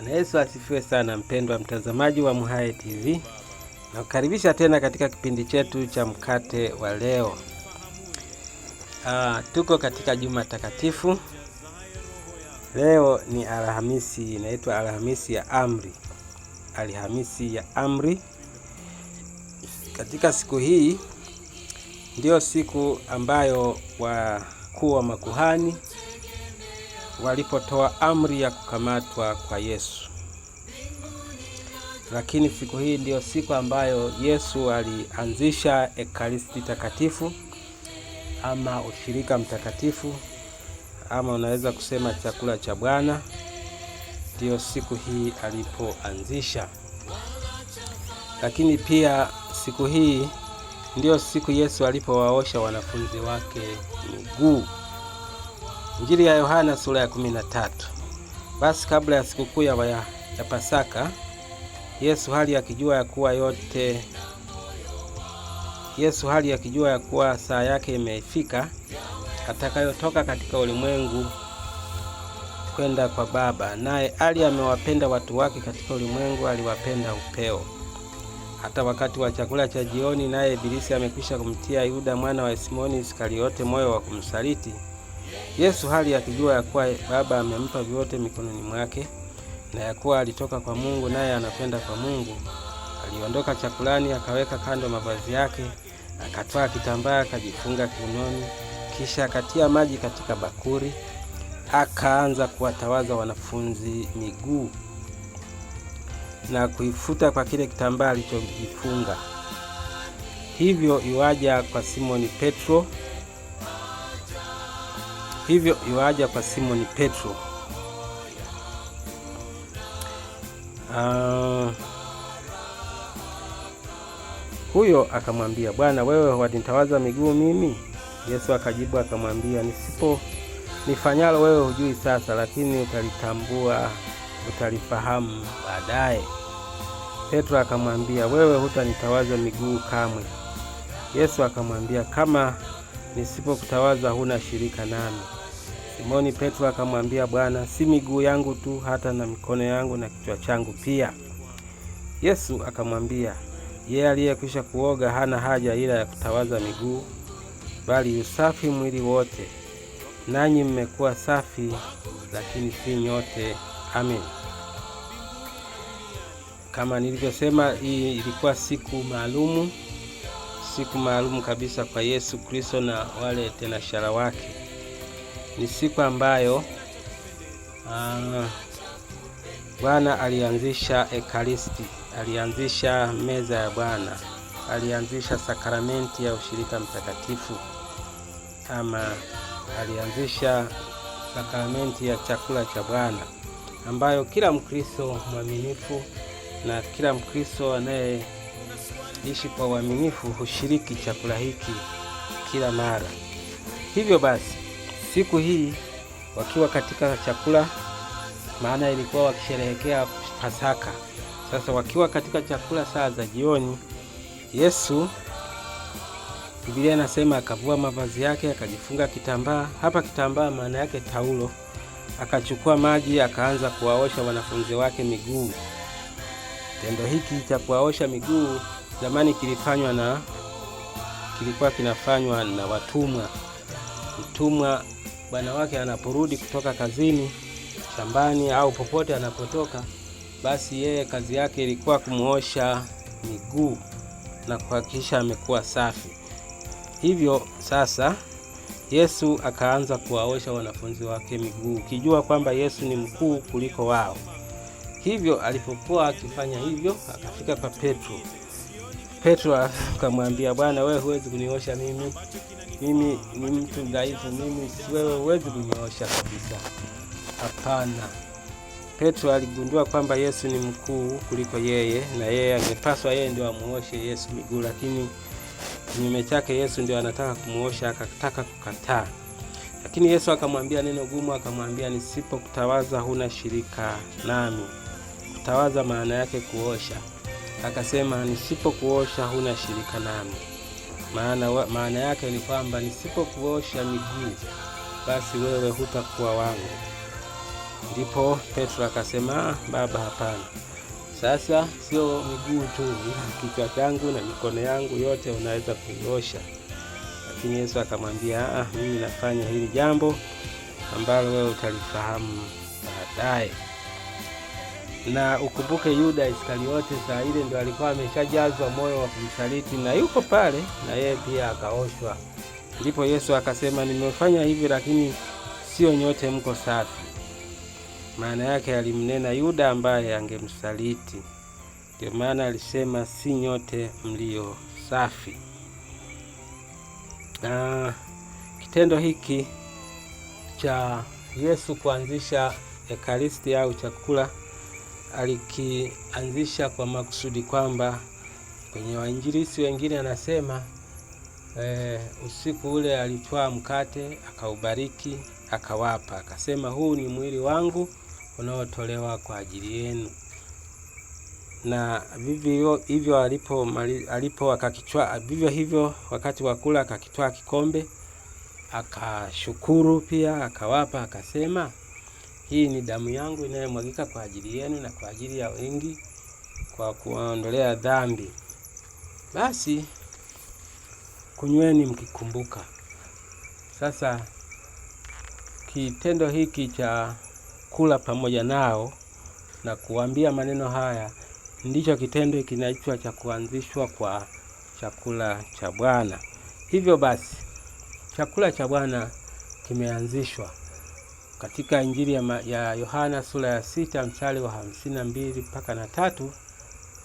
Bwana Yesu asifiwe sana, mpendwa mtazamaji wa MHAE TV, nakukaribisha tena katika kipindi chetu cha mkate wa leo. Aa, ah, tuko katika juma takatifu. Leo ni Alhamisi, inaitwa Alhamisi ya Amri, Alhamisi ya Amri. Katika siku hii ndio siku ambayo wakuu wa makuhani walipotoa amri ya kukamatwa kwa Yesu. Lakini siku hii ndiyo siku ambayo Yesu alianzisha Ekaristi Takatifu ama ushirika mtakatifu ama unaweza kusema chakula cha Bwana. Ndiyo siku hii alipoanzisha, lakini pia siku hii ndiyo siku Yesu alipowaosha wanafunzi wake miguu. Injili ya Yohana sura ya 13. Basi kabla ya sikukuu ya, ya Pasaka, Yesu hali akijua ya kuwa yote Yesu hali akijua ya kuwa saa yake imeifika atakayotoka katika ulimwengu kwenda kwa Baba. Naye ali amewapenda watu wake katika ulimwengu, aliwapenda upeo hata wakati wa chakula cha jioni, naye Ibilisi amekwisha kumtia Yuda mwana wa Simoni Iskariote moyo wa kumsaliti. Yesu hali akijua ya kuwa Baba amempa vyote mikononi mwake na ya kuwa alitoka kwa Mungu naye anakwenda kwa Mungu, aliondoka chakulani, akaweka kando mavazi yake, akatwaa kitambaa akajifunga kiunoni, kisha akatia maji katika bakuri, akaanza kuwatawaza wanafunzi miguu na kuifuta kwa kile kitambaa alichojifunga. Hivyo iwaja kwa Simoni Petro Hivyo iwaja kwa Simoni Petro. Uh, huyo akamwambia, Bwana, wewe wanitawaza miguu mimi? Yesu akajibu akamwambia, nisipo nifanyalo wewe hujui sasa, lakini utalitambua utalifahamu baadaye. Petro akamwambia, wewe hutanitawaza miguu kamwe. Yesu akamwambia, kama nisipokutawaza huna shirika nami. Simoni Petro akamwambia Bwana, si miguu yangu tu, hata na mikono yangu na kichwa changu pia. Yesu akamwambia, yeye aliyekwisha kuoga hana haja ila ya kutawaza miguu, bali usafi mwili wote. Nanyi mmekuwa safi, lakini si nyote. Amen. Kama nilivyosema, hii ilikuwa siku maalumu, siku maalumu kabisa kwa Yesu Kristo na wale tena shara wake ni siku ambayo uh, Bwana alianzisha Ekaristi, alianzisha meza ya Bwana, alianzisha sakramenti ya ushirika mtakatifu, ama alianzisha sakramenti ya chakula cha Bwana ambayo kila Mkristo mwaminifu na kila Mkristo anayeishi kwa uaminifu hushiriki chakula hiki kila mara. Hivyo basi siku hii wakiwa katika chakula, maana ilikuwa wakisherehekea Pasaka. Sasa wakiwa katika chakula saa za jioni, Yesu Biblia inasema akavua mavazi yake akajifunga kitambaa. Hapa kitambaa maana yake taulo. Akachukua maji akaanza kuwaosha wanafunzi wake miguu. Tendo hiki cha kuwaosha miguu zamani kilifanywa na kilikuwa kinafanywa na watumwa. Mtumwa bwana wake anaporudi kutoka kazini, shambani au popote anapotoka, basi yeye kazi yake ilikuwa kumuosha miguu na kuhakikisha amekuwa safi. Hivyo sasa Yesu akaanza kuwaosha wanafunzi wake miguu, ukijua kwamba Yesu ni mkuu kuliko wao. Hivyo alipokuwa akifanya hivyo, akafika kwa Petro. Petro akamwambia, Bwana, wewe huwezi kuniosha mimi mimi ni mtu dhaifu, mimi siwewe, uwezi kunyoosha kabisa. Hapana. Petro aligundua kwamba Yesu ni mkuu kuliko yeye, na yeye angepaswa, yeye ndio amuoshe Yesu miguu, lakini kinyume chake, Yesu ndio anataka kumuosha, akataka kukataa. Lakini Yesu akamwambia neno gumu, akamwambia nisipokutawaza huna shirika nami. Kutawaza maana yake kuosha, akasema nisipokuosha huna shirika nami maana, maana yake ni kwamba nisipokuosha miguu basi wewe hutakuwa wangu. Ndipo Petro akasema, Baba, hapana. Sasa sio miguu tu, kichwa changu na mikono yangu yote unaweza kuiosha. Lakini Yesu akamwambia, ah, mimi nafanya hili jambo ambalo wewe utalifahamu baadaye na ukumbuke Yuda Iskariote saa ile ndio alikuwa ameshajazwa moyo wa kumsaliti na yuko pale na yeye pia akaoshwa. Ndipo Yesu akasema, nimefanya hivi lakini sio nyote mko safi. Maana yake alimnena Yuda ambaye angemsaliti. Ndio maana alisema si nyote mlio safi. Na kitendo hiki cha Yesu kuanzisha Ekaristi au chakula alikianzisha kwa makusudi kwamba kwenye wainjilisi wengine anasema e, usiku ule alitwaa mkate akaubariki, akawapa, akasema huu ni mwili wangu unaotolewa kwa ajili yenu. Na vivyo hivyo alipo alipo akakitwaa, vivyo hivyo wakati wa kula akakitwaa kikombe, akashukuru pia, akawapa, akasema hii ni damu yangu inayomwagika kwa ajili yenu na kwa ajili ya wengi kwa kuondolea dhambi. Basi kunyweni mkikumbuka. Sasa kitendo hiki cha kula pamoja nao na kuambia maneno haya ndicho kitendo kinaitwa cha kuanzishwa kwa chakula cha Bwana. Hivyo basi chakula cha Bwana kimeanzishwa katika Injili ya Yohana sura ya sita mstari wa hamsini na mbili mpaka na tatu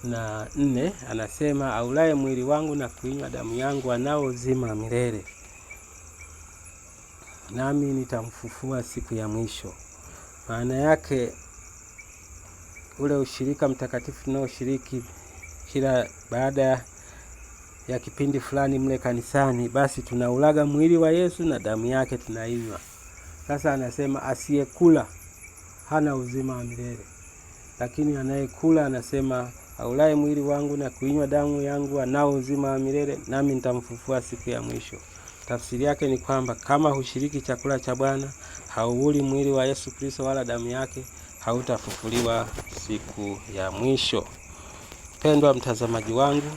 na nne anasema, aulaye mwili wangu na kuinywa damu yangu anao uzima milele, nami nitamfufua siku ya mwisho. Maana yake ule ushirika mtakatifu tunaoshiriki kila baada ya kipindi fulani mle kanisani, basi tunaulaga mwili wa Yesu na damu yake tunainywa. Sasa anasema asiyekula hana uzima wa milele, lakini anayekula anasema aulaye mwili wangu na kuinywa damu yangu anao uzima wa milele, nami nitamfufua siku ya mwisho. Tafsiri yake ni kwamba kama hushiriki chakula cha Bwana, hauuli mwili wa Yesu Kristo wala damu yake, hautafufuliwa siku ya mwisho. Mpendwa mtazamaji wangu,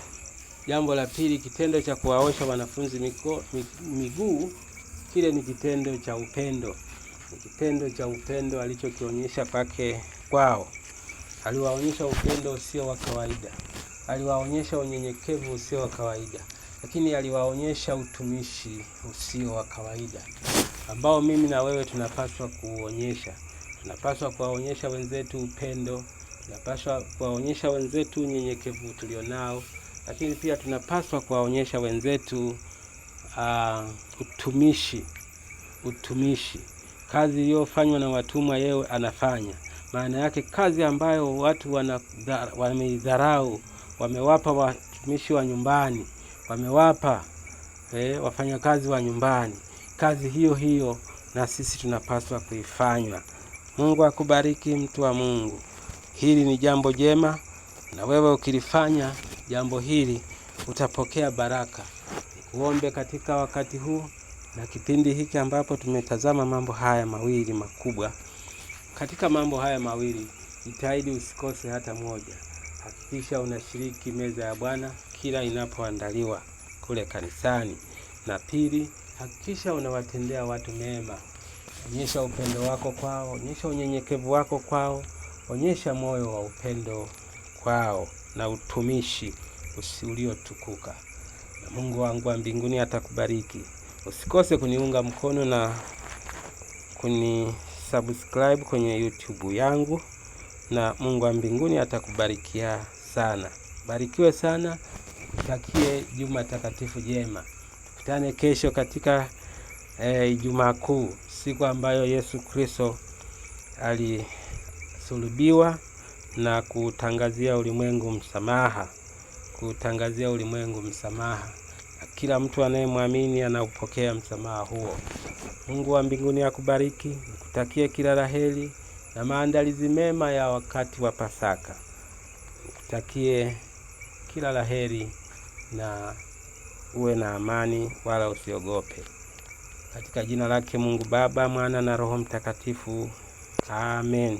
jambo la pili, kitendo cha kuwaosha wanafunzi miguu Kile ni kitendo cha upendo, ni kitendo cha upendo alichokionyesha pake kwao. Aliwaonyesha upendo usio wa kawaida, aliwaonyesha unyenyekevu usio wa kawaida, lakini aliwaonyesha utumishi usio wa kawaida ambao mimi na wewe tunapaswa kuonyesha. Tunapaswa kuwaonyesha wenzetu upendo, tunapaswa kuwaonyesha wenzetu unyenyekevu tulionao, lakini pia tunapaswa kuwaonyesha wenzetu uh, utumishi utumishi, kazi iliyofanywa na watumwa yeye anafanya. Maana yake kazi ambayo watu wameidharau, wamewapa watumishi wa nyumbani, wamewapa eh, wafanyakazi wa nyumbani, kazi hiyo hiyo na sisi tunapaswa kuifanywa. Mungu akubariki mtu wa Mungu. Hili ni jambo jema, na wewe ukilifanya jambo hili utapokea baraka uombe katika wakati huu na kipindi hiki ambapo tumetazama mambo haya mawili makubwa. Katika mambo haya mawili jitahidi usikose hata moja. Hakikisha unashiriki meza ya Bwana kila inapoandaliwa kule kanisani, na pili, hakikisha unawatendea watu mema. Onyesha upendo wako kwao, onyesha unyenyekevu wako kwao, onyesha moyo wa upendo kwao na utumishi uliotukuka Mungu wangu wa mbinguni atakubariki. Usikose kuniunga mkono na kunisubscribe kwenye YouTube yangu, na Mungu wa mbinguni atakubarikia sana. Barikiwe sana, utakie juma takatifu jema. Tukutane kesho katika Ijumaa eh, e, Kuu, siku ambayo Yesu Kristo alisulubiwa na kutangazia ulimwengu msamaha kutangazia ulimwengu msamaha, na kila mtu anayemwamini anaupokea msamaha huo. Mungu wa mbinguni akubariki, nikutakie kila laheri na maandalizi mema ya wakati wa Pasaka. Nikutakie kila laheri na uwe na amani, wala usiogope. Katika jina lake Mungu Baba, Mwana na Roho Mtakatifu, amen.